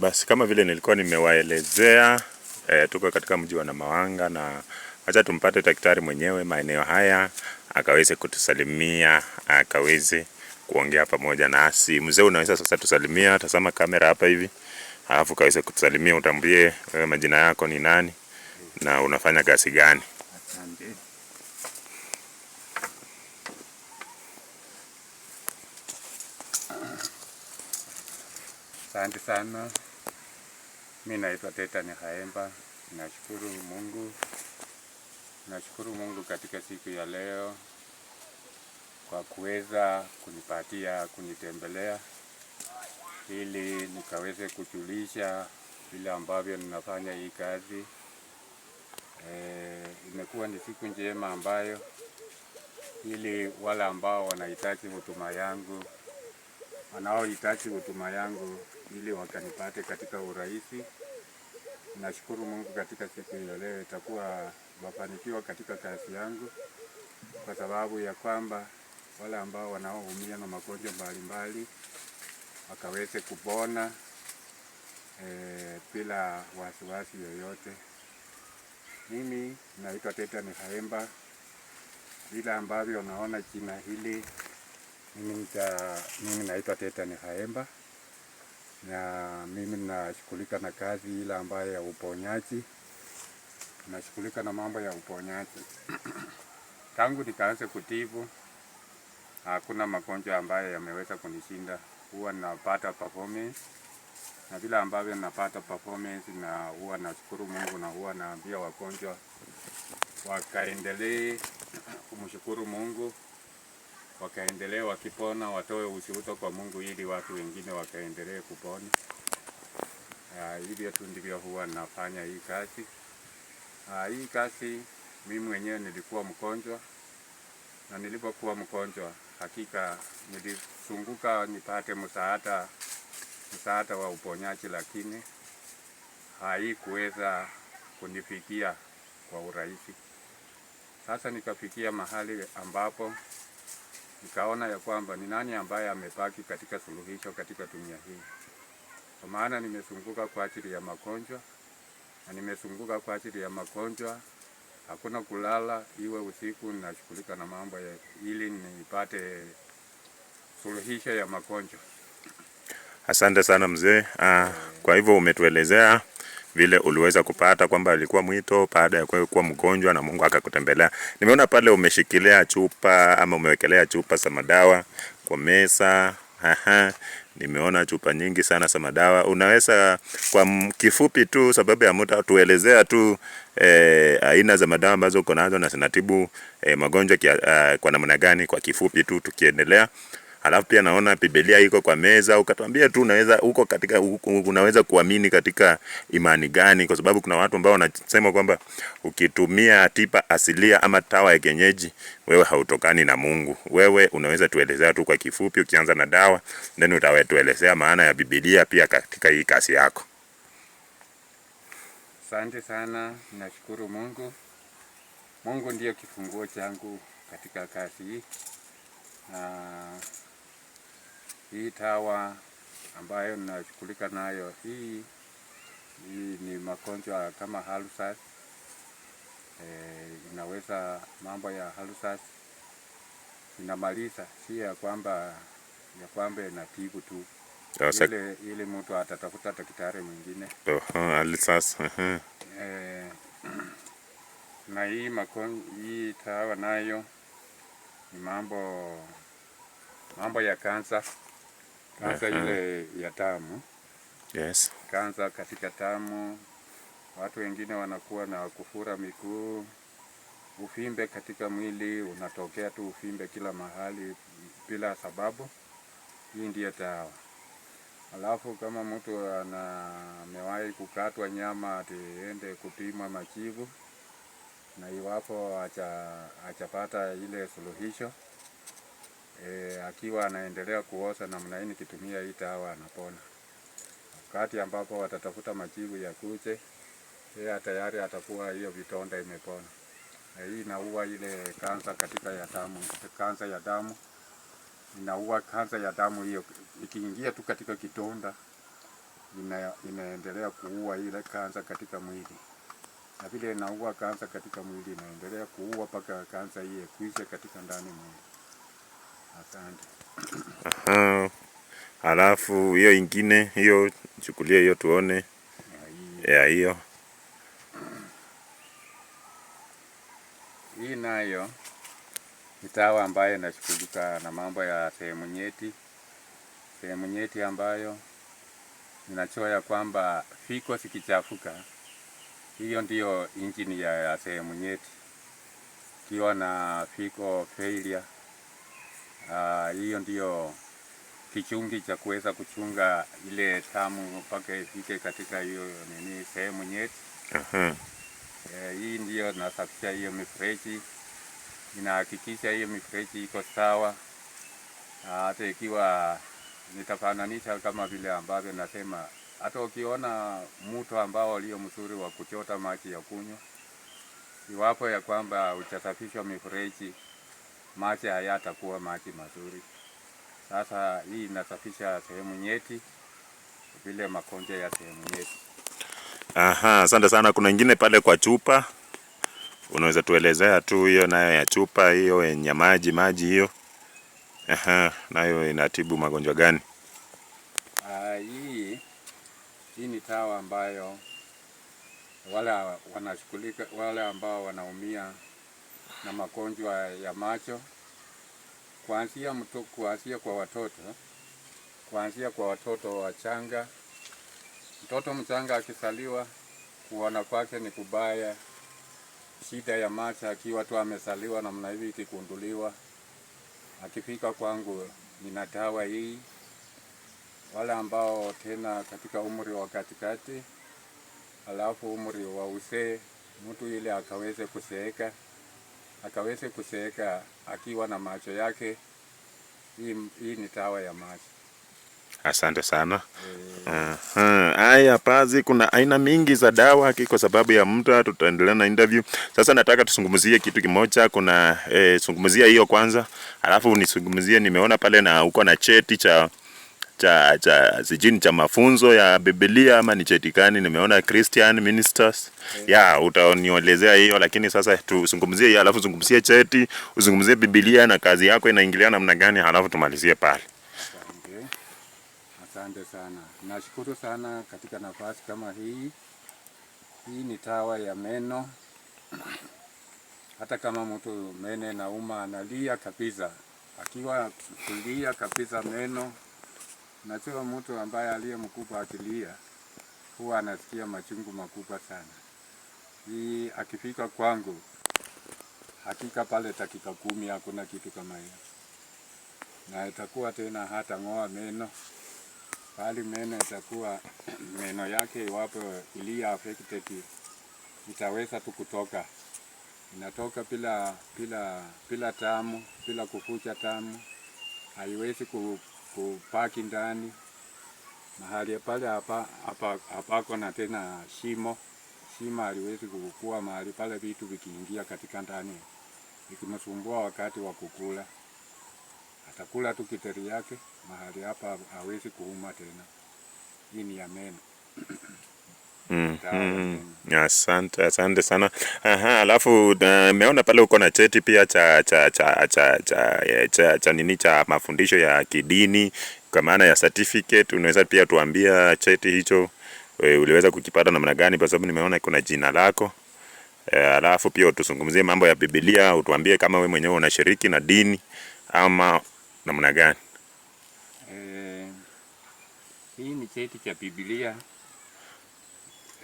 Basi kama vile nilikuwa nimewaelezea eh, tuko katika mji wa Namawanga na acha tumpate daktari mwenyewe maeneo haya akaweze kutusalimia akaweze kuongea pamoja nasi. Mzee, unaweza sasa tusalimia, tazama kamera hapa hivi, alafu kaweze kutusalimia, utambie wewe eh, majina yako ni nani na unafanya kazi gani. Asante. Asante sana. mi naitwa Tetani Haemba. Nashukuru Mungu, nashukuru Mungu katika siku ya leo kwa kuweza kunipatia kunitembelea ili nikaweze kujulisha vile ambavyo ninafanya hii kazi. E, imekuwa ni siku njema ambayo ili wale ambao wanahitaji huduma yangu wanaohitaji huduma yangu ili wakanipate katika urahisi. Nashukuru Mungu katika siku hiyo leo itakuwa mafanikiwa katika kazi yangu, kwa sababu ya kwamba wale ambao wanaoumia na magonjwa mbalimbali wakaweze kupona e, bila wasiwasi yoyote. Mimi naitwa teta nihaemba Vile ambavyo unaona jina hili mimi, mimi naitwa teta nihaemba na mimi ninashughulika na kazi ile ambayo ya uponyaji, nashughulika na mambo ya uponyaji tangu nikaanze kutibu hakuna magonjwa ambayo yameweza kunishinda. Huwa napata performance na vile ambavyo napata performance, na huwa nashukuru Mungu na huwa naambia wagonjwa wakaendelee kumshukuru Mungu wakaendelee wakipona, watoe ushuhuda kwa Mungu ili watu wengine wakaendelee kupona. Ah, hivyo tu ndivyo huwa nafanya hii kazi. Uh, hii kazi mimi mwenyewe nilikuwa mgonjwa, na nilipokuwa mgonjwa hakika nilisunguka nipate msaada msaada wa uponyaji, lakini haikuweza kunifikia kwa urahisi. Sasa nikafikia mahali ambapo nikaona ya kwamba ni nani ambaye amebaki katika suluhisho katika dunia hii, kwa maana nimezunguka kwa ajili ya magonjwa na nimezunguka kwa ajili ya magonjwa. Hakuna kulala, iwe usiku, ninashughulika na mambo ya ili nipate suluhisho ya magonjwa. Asante sana mzee. Ah, kwa hivyo umetuelezea vile uliweza kupata kwamba alikuwa mwito baada ya kuwa mgonjwa na Mungu akakutembelea. Nimeona pale umeshikilia chupa ama umewekelea chupa za madawa kwa meza. Aha, nimeona chupa nyingi sana za madawa. Unaweza kwa kifupi tu, sababu ya muda, tuelezea tu e, aina za madawa ambazo uko nazo na zinatibu e, magonjwa kia, a, eh, kwa namna gani, kwa kifupi tu tukiendelea alafu pia naona Biblia iko kwa meza, ukatuambia tu unaweza uko katika unaweza kuamini katika imani gani, kwa sababu kuna watu ambao wanasema kwamba ukitumia tiba asilia ama dawa ya kienyeji wewe hautokani na Mungu. Wewe unaweza tuelezea tu kwa kifupi, ukianza na dawa then utawetuelezea maana ya Biblia pia katika hii kasi yako. Asante sana, nashukuru Mungu. Mungu ndiyo kifunguo changu katika kazi hii hii TAWA ambayo ninashughulika nayo hii, hii ni magonjwa kama halusas e, eh, inaweza mambo ya halusas inamaliza, si ya kwamba ya kwamba inatibu tu ah, Asa... ile, ile mtu atatafuta daktari mwingine halusas uh -huh. E, na hii magonjwa hii TAWA nayo ni mambo mambo ya kansa kansa uh -huh. ile ya tamu yes. Kansa katika tamu watu wengine wanakuwa na kufura miguu, uvimbe katika mwili unatokea tu uvimbe kila mahali bila sababu. Hii ndiyo dawa. Alafu kama mtu ana amewahi kukatwa nyama atiende kupimwa majivu, na iwapo achapata ile suluhisho e, akiwa anaendelea kuosa namna hii, nikitumia hii dawa anapona. Wakati ambapo watatafuta majibu ya kuche, yeye tayari atakuwa hiyo vitonda imepona. Na hii inaua ile kansa katika ya damu, kansa ya damu inaua kansa ya damu hiyo, ikiingia tu katika kitonda ina, inaendelea kuua ile kansa katika mwili na vile inaua kansa katika mwili inaendelea kuua mpaka kansa hii ikwishe katika ndani mwili. Aha. Halafu hiyo ingine hiyo chukulia hiyo tuone ya hiyo hii nayo ni TAWA ambayo inashughulika na mambo ya sehemu nyeti, sehemu nyeti ambayo inachoa ya kwamba fiko zikichafuka, hiyo ndiyo injini ya sehemu nyeti. Ukiwa na fiko failure Ah, hiyo ndio ndiyo kichungi cha kuweza kuchunga ile tamu mpaka ifike katika hiyo nini sehemu nyeti. uh -huh. Uh, hii ndiyo nasafisha hiyo mifereji, inahakikisha hiyo mifereji iko sawa. Ah, hata uh, ikiwa nitafananisha kama vile ambavyo nasema, hata ukiona mto ambao ulio mzuri wa kuchota maji ya kunywa, iwapo ya kwamba uchasafishwa mifereji maji hayatakuwa maji mazuri. Sasa hii inasafisha sehemu nyeti, vile makonja ya sehemu nyeti. Aha, asante sana. Kuna ingine pale kwa chupa, unaweza tuelezea tu hiyo nayo ya chupa hiyo yenye maji maji hiyo? Aha, nayo inatibu magonjwa gani? Uh, hii hii ni dawa ambayo wale wanashughulika wale ambao wanaumia na magonjwa ya macho kuanzia mtu, kuanzia kwa watoto, kuanzia kwa watoto wachanga. Mtoto mchanga akizaliwa kuona kwake ni kubaya, shida ya macho akiwa tu amezaliwa namna hivi ikigunduliwa, akifika kwangu nina dawa hii. Wale ambao tena katika umri wa katikati, alafu umri wa uzee, mtu ile akaweze kuseeka akaweze kuseeka akiwa na macho yake. Hii, hii ni tawa ya macho. Asante sana. Eh. Haya, Pazi, kuna aina mingi za dawa Kwa sababu ya muda, tutaendelea na interview sasa. Nataka tusungumzie kitu kimoja, kuna eh, sungumzia hiyo kwanza, alafu nizungumzie nimeona pale na uko na cheti cha cha cha sijini cha mafunzo ya Biblia ama ni gani? nimeona Christian ministers ya yeah, utanielezea hiyo lakini sasa tuzungumzie hiyo, alafu zungumzie cheti, uzungumzie Biblia na kazi yako inaingiliana namna gani, halafu tumalizie pale. Asante, sana, nashukuru sana katika nafasi kama hii. Hii ni tawa ya meno. Hata kama mtu mene nauma analia kabisa, akiwa kulia kabisa meno Unajua, mtu ambaye aliye mkubwa akilia huwa anasikia machungu makubwa sana. Hii akifika kwangu, hakika pale dakika kumi hakuna kitu kama hiyo, na itakuwa tena hata ng'oa meno bali meno itakuwa meno yake, iwapo ilia affected itaweza tu kutoka, inatoka bila bila bila tamu, bila kufucha tamu, haiwezi ku kupaki ndani mahali pale hapa hapa hapako na tena shimo shimo aliwezi kukua mahali pale, vitu vikiingia katika ndani ikimsumbua wakati wa kukula, atakula tu kiteri yake mahali hapa, hawezi kuuma tena. Hii ni ya meno. Mm -hmm. Asante, asante sana. Aha, alafu nimeona pale uko na cheti pia cha cha cha cha cha, eh, cha, cha nini cha mafundisho ya kidini kwa maana ya certificate. Unaweza pia tuambia cheti hicho eh, uliweza kukipata namna gani? Kwa sababu nimeona kuna jina lako e, alafu pia utuzungumzie mambo ya Biblia, utuambie kama we mwenyewe unashiriki na dini ama namna gani? Eh, hii ni cheti cha Biblia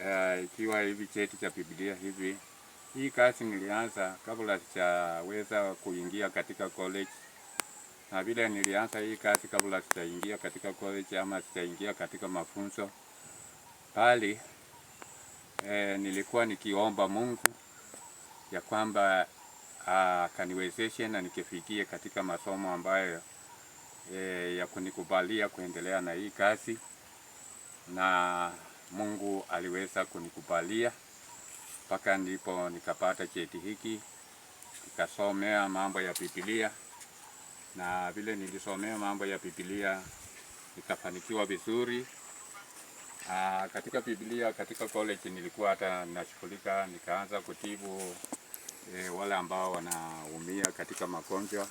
Eh, ikiwa uh, hivi cheti cha Biblia hivi. Hii kazi nilianza kabla sijaweza kuingia katika college, na vile nilianza hii kazi kabla sijaingia katika college ama sijaingia katika mafunzo, bali eh, nilikuwa nikiomba Mungu ya kwamba ah, akaniwezeshe uh, na nikifikie katika masomo ambayo eh, ya kunikubalia kuendelea na hii kazi na Mungu aliweza kunikubalia mpaka ndipo nikapata cheti hiki, nikasomea mambo ya Biblia, na vile nilisomea mambo ya Biblia nikafanikiwa vizuri. Aa, ah, katika Biblia katika college nilikuwa hata ninashughulika, nikaanza kutibu e, wale ambao wanaumia katika magonjwa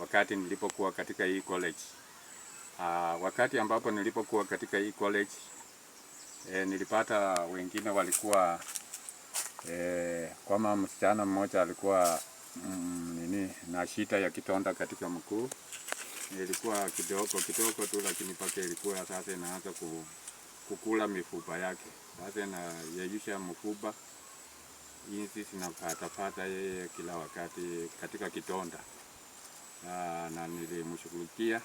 wakati nilipokuwa katika hii college. Aa, ah, wakati ambapo nilipokuwa katika hii college e, nilipata wengine walikuwa e, eh, kama msichana mmoja alikuwa mm, nini na shita ya kitonda katika mkuu, ilikuwa kidogo kidogo tu, lakini mpaka ilikuwa sasa inaanza ku, kukula mifupa yake, sasa inayeyusha mfupa inzi zinapatapata yeye kila wakati katika kitonda na, ah, na nilimshughulikia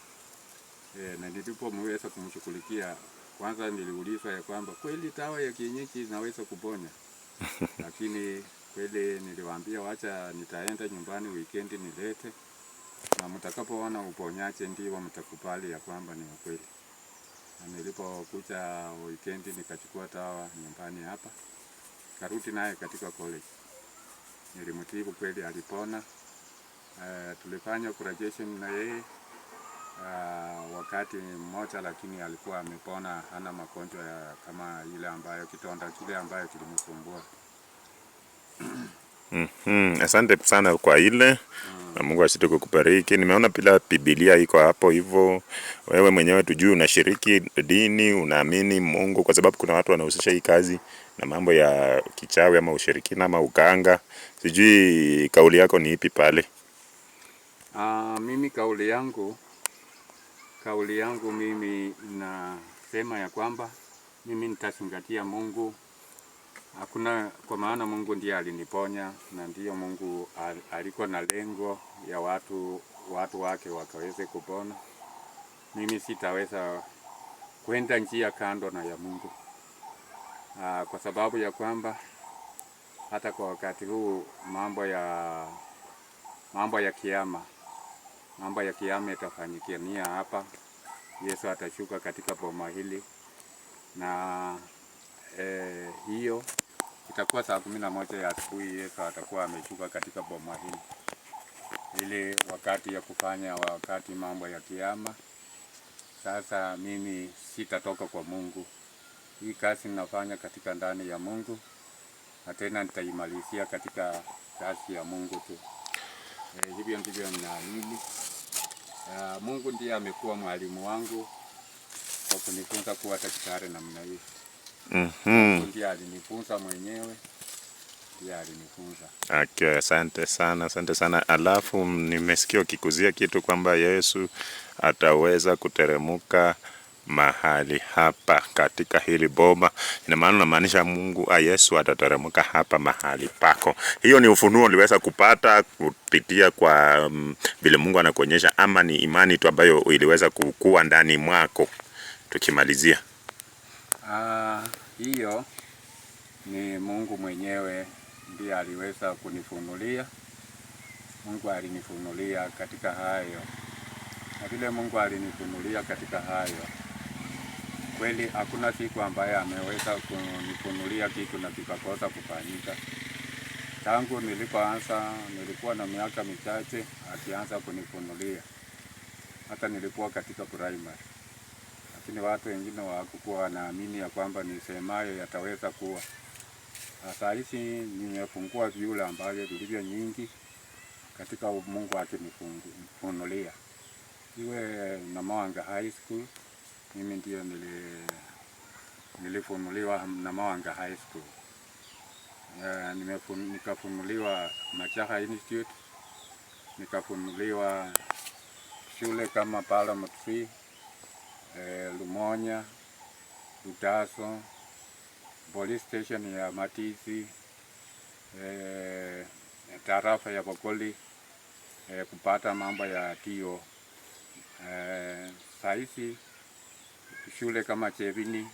e, na nilipomweza kumshughulikia kwanza niliuliza ya kwamba kweli dawa ya kienyeji inaweza kuponya lakini kweli niliwaambia wacha nitaenda nyumbani weekend nilete, na mtakapoona uponyaje ndio mtakubali ya kwamba ni kweli. Na nilipokuja weekend nikachukua dawa nyumbani hapa, karudi naye katika college, nilimtibu kweli, alipona. Uh, tulifanya graduation na yeye uh, wakati mmoja, lakini alikuwa amepona, hana magonjwa kama ile ambayo kitonda kile ambayo kilimsumbua. Mm -hmm. Asante sana kwa ile mm. Na Mungu asituke kukubariki. Nimeona pila Biblia iko hapo hivyo, wewe mwenyewe tujui unashiriki dini, unaamini Mungu, kwa sababu kuna watu wanahusisha hii kazi na mambo ya kichawi ama ushirikina ama uganga. Sijui kauli yako ni ipi pale? Ah, mimi kauli yangu Kauli yangu mimi nasema ya kwamba mimi nitazingatia Mungu, hakuna kwa maana Mungu ndiye aliniponya na ndiyo Mungu aliko alikuwa na lengo ya watu, watu wake wakaweze kupona. Mimi sitaweza kwenda njia kando na ya Mungu aa, ah, kwa sababu ya kwamba hata kwa wakati huu mambo ya mambo ya kiama mambo ya kiama itafanyikania hapa. Yesu atashuka katika boma hili na e, hiyo itakuwa saa kumi na moja ya asubuhi. Yesu atakuwa ameshuka katika boma hili ili wakati ya kufanya wakati mambo ya kiama. Sasa mimi sitatoka kwa Mungu, hii kazi ninafanya katika ndani ya Mungu na tena nitaimalizia katika kazi ya Mungu tu. Eh, hivyo ndivyo ninaamini. Uh, Mungu ndiye amekuwa mwalimu wangu kwa kunifunza kuwa daktari namna hii. mm -hmm. Mungu ndiye alinifunza mwenyewe, ndiye alinifunza. Okay, asante sana, asante sana. Alafu nimesikia ukikuzia kitu kwamba Yesu ataweza kuteremuka mahali hapa katika hili boma. Ina maana namaanisha Mungu ah, Yesu atateremka hapa mahali pako. Hiyo ni ufunuo uliweza kupata kupitia kwa mm, vile um, Mungu anakuonyesha, ama ni imani tu ambayo iliweza kukua ndani mwako? Tukimalizia ah, hiyo, uh, ni Mungu mwenyewe ndiye aliweza kunifunulia. Mungu alinifunulia katika hayo, na vile Mungu alinifunulia katika hayo kweli hakuna siku ambaye ameweza kunifunulia kitu na kikakosa kufanyika. Tangu nilipoanza nilikuwa na miaka michache akianza kunifunulia, hata nilikuwa katika primary, lakini watu wengine wakukuwa wanaamini ya kwamba nisemayo yataweza kuwa. Sasa nimefungua vyula ambavyo vilivyo nyingi katika Mungu akinifunulia, iwe Namawanga High School mimi ndio nili nilifunuliwa Namawanga High School. Uh, nikafunuliwa Machaha Institute, nikafunuliwa shule kama Parliament Tree, eh, Lumonya, Lutaso, police station ya Matisi, eh, tarafa ya Bokoli, eh, kupata mambo ya tio eh, saisi shule kama Chevini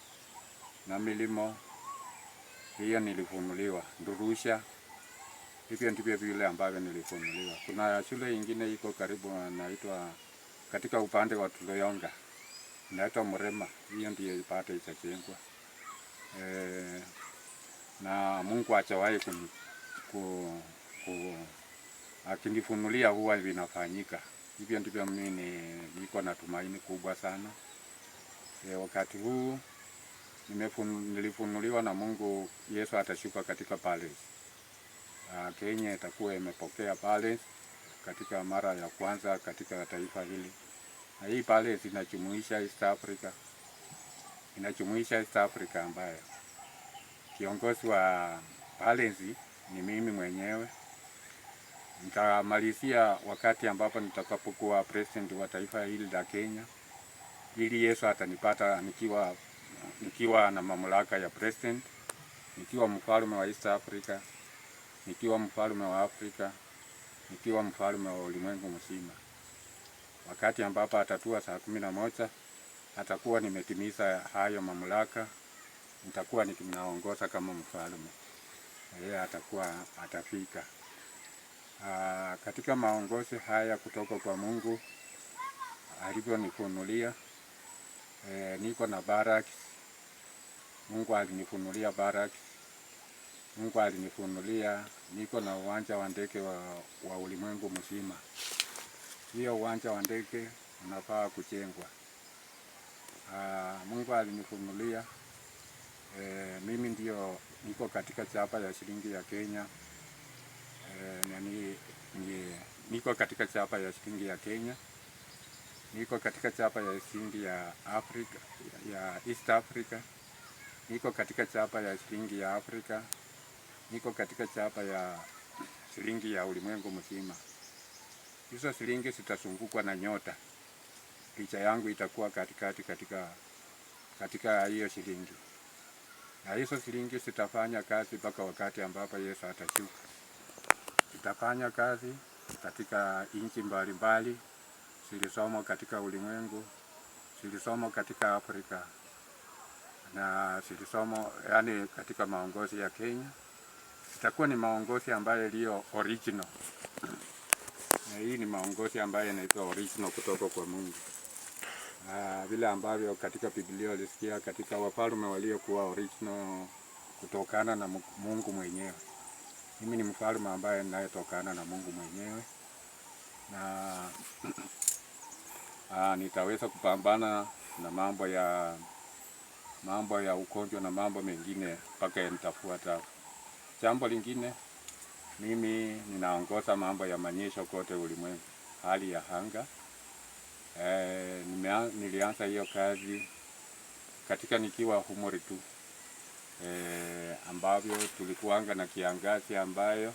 na milimo hiyo nilifunuliwa Ndurusha. Hivyo ndivyo vile ambavyo nilifunuliwa. Kuna shule ingine iko karibu, naitwa katika upande wa Tuloyonga, naitwa Mrema, hiyo ndiyo ipate itachengwa e, na Mungu achawahi ku, ku, ku akinifunulia huwa vinafanyika hivyo. Ndivyo mimi niko na tumaini kubwa sana. E, wakati huu nilifunuliwa na Mungu Yesu atashuka katika palace. Ah, Kenya itakuwa imepokea palace katika mara ya kwanza katika taifa hili, na hii palace inachumuisha East Africa, inachumuisha East Africa ambayo kiongozi wa palace ni mimi mwenyewe. Nitamalizia wakati ambapo nitakapokuwa president wa taifa hili la Kenya ili Yesu atanipata nikiwa, nikiwa na mamlaka ya president, nikiwa mfalme wa East Africa, nikiwa mfalme wa Afrika, nikiwa mfalme wa ulimwengu mzima. Wakati ambapo atatua saa kumi na moja atakuwa nimetimiza hayo mamlaka, nitakuwa nikinaongoza kama mfalme, yeye atakuwa atafika. Aa, ah, katika maongozi haya kutoka kwa Mungu alivyonifunulia eh, niko na barak Mungu alinifunulia barak Mungu alinifunulia niko na uwanja wa ndege wa, wa ulimwengu mzima. Hiyo uwanja wa ndege unafaa kujengwa. Aa, ah, Mungu alinifunulia e, mimi ndio niko katika chapa ya shilingi ya Kenya e, eh, nani, niko katika chapa ya shilingi ya Kenya niko katika chapa ya shilingi ya Afrika ya East Africa, niko katika chapa ya shilingi ya Afrika, niko katika chapa ya shilingi ya ulimwengu mzima. Hizo shilingi zitazungukwa na nyota, picha yangu itakuwa katikati katika katika hiyo shilingi, na hizo shilingi zitafanya kazi mpaka wakati ambapo Yesu atashuka. Zitafanya kazi katika nchi mbalimbali zilisoma katika ulimwengu, zilisoma katika Afrika na zilisoma yani katika maongozi ya Kenya. Itakuwa ni maongozi ambayo iliyo original na hii ni maongozi ambayo inaitwa original kutoka kwa Mungu. Ah, vile ambavyo katika Biblia ulisikia katika wafalme waliokuwa original kutokana na Mungu mwenyewe. Mimi ni mfalme ambaye ninayetokana na Mungu mwenyewe na aa, ah, nitaweza kupambana na mambo ya mambo ya ugonjwa na mambo mengine mpaka nitafuata. Jambo lingine, mimi ninaongoza mambo ya manyesho kote ulimwengu, hali ya hanga eh, nilianza hiyo kazi katika nikiwa humori tu eh, ambavyo tulikuanga na kiangazi ambayo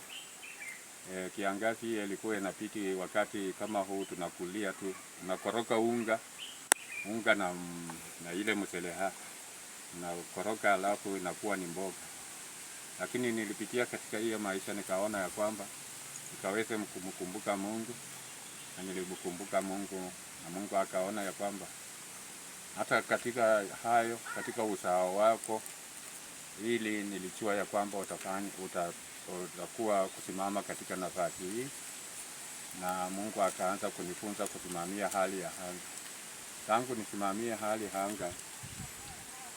e, kiangazi hii ilikuwa inapiti wakati kama huu, tunakulia tu tunakoroka unga unga na, na ile mseleha nakoroka, alafu inakuwa ni mboga. Lakini nilipitia katika hiyo maisha nikaona ya kwamba nikaweze kumkumbuka Mungu na nilimkumbuka Mungu na Mungu akaona ya kwamba hata katika hayo, katika usawa wako, ili nilijua ya kwamba utafanya uta tutakuwa kusimama katika nafasi hii, na Mungu akaanza kunifunza kusimamia hali ya anga. Tangu nisimamie hali ya anga,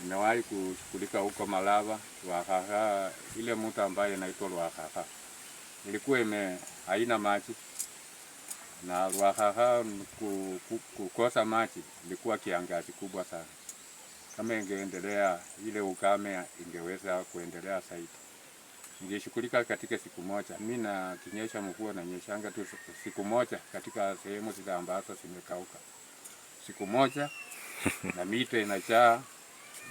nimewahi kushughulika huko Malava Lwakhakha, ile mtu ambaye inaitwa Lwakhakha ilikuwa ime haina maji na Lwakhakha kukosa maji ilikuwa kiangazi kubwa sana. Kama ingeendelea ile ukame ingeweza kuendelea zaidi ingeshughulika katika siku moja. Mi na kinyesha mvua na nyeshanga tu siku moja katika sehemu zile ambazo zimekauka siku moja na mito inajaa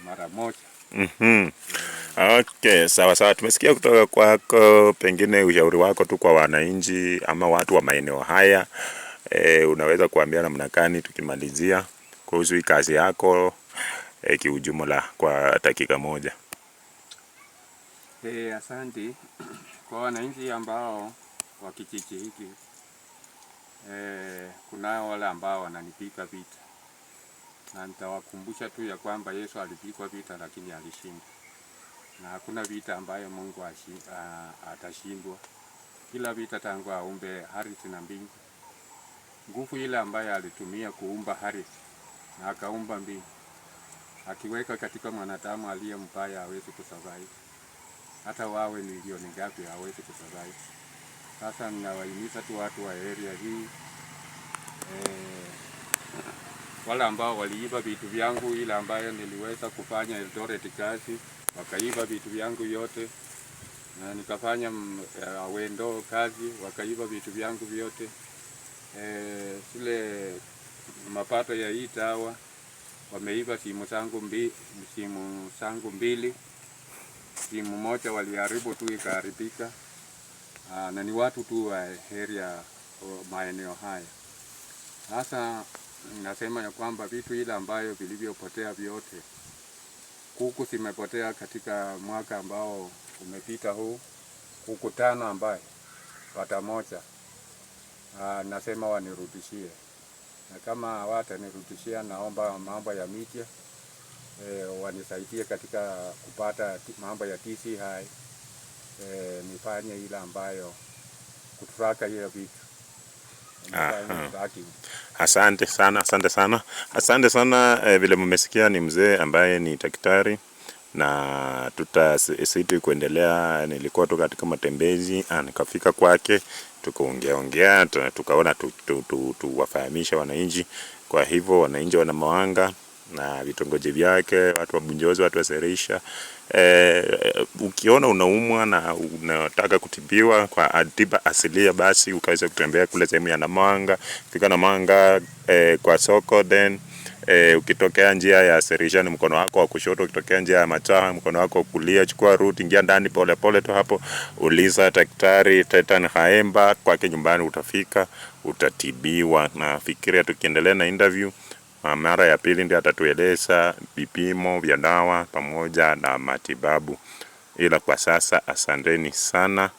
mara moja. mm -hmm. Okay, sawa sawa, tumesikia kutoka kwako, pengine ushauri wako tu kwa wananchi ama watu wa maeneo haya e, unaweza kuambia namna gani tukimalizia kuhusu hii kazi yako e, kiujumla kwa dakika moja? Hey, eh, asante kwa wananchi ambao wa kijiji hiki eh, kunao wale ambao wananipika vita, na nitawakumbusha tu ya kwamba Yesu alipigwa vita lakini alishinda, na hakuna vita ambayo Mungu atashindwa. Kila vita tangu aumbe ardhi na mbingu, nguvu ile ambayo alitumia kuumba ardhi na akaumba mbingu, akiweka katika mwanadamu aliye mbaya hawezi kusurvive hata wawe milioni ngapi hawezi kusurvive. Sasa ninawahimiza tu watu wa area hii e, wale ambao waliiba vitu vyangu, ile ambayo niliweza kufanya Eldoret kazi, wakaiba vitu vyangu yote na nikafanya uh, wendo kazi, wakaiba vitu vyangu vyote eh, zile mapato ya hii tawa wameiba simu zangu mbili, simu zangu mbili timu moja waliharibu tu ikaharibika, ah, na ni watu tu wa area maeneo haya. Sasa nasema ya kwamba vitu ile ambayo vilivyopotea vyote, kuku zimepotea katika mwaka ambao umepita huu, kuku tano ambaye pata moja Aa, ah, nasema wanirudishie, na kama hawatanirudishia, naomba mambo ya miche e, wanisaidie katika kupata mambo ya TCI e, eh, nifanye ile ambayo kutraka hiyo vitu. Asante sana, asante sana, asante sana. eh, vile mmesikia ni mzee ambaye ni daktari na tutasiti kuendelea. Nilikuwa tu katika matembezi ah, nikafika kwake, ongea, tukaona tuwafahamisha tu, tu, tu, wananchi. Kwa hivyo wananchi wana Mawanga na vitongoji vyake, watu wa Bunjozi, watu wa Serisha. E, ukiona unaumwa na unataka kutibiwa kwa tiba asilia, basi ukaweza kutembea kule sehemu ya Namanga, fika Namanga e, eh, kwa soko then E, ukitokea njia ya Serisha ni mkono wako wa kushoto, ukitokea njia ya Machaha mkono wako wa kulia. Chukua route, ingia ndani pole tu hapo, uliza daktari Titan Haemba, kwake nyumbani utafika, utatibiwa. Na fikiria tukiendelea na interview Ah, mara ya pili ndio atatueleza vipimo vya dawa pamoja na matibabu. Ila kwa sasa asanteni sana.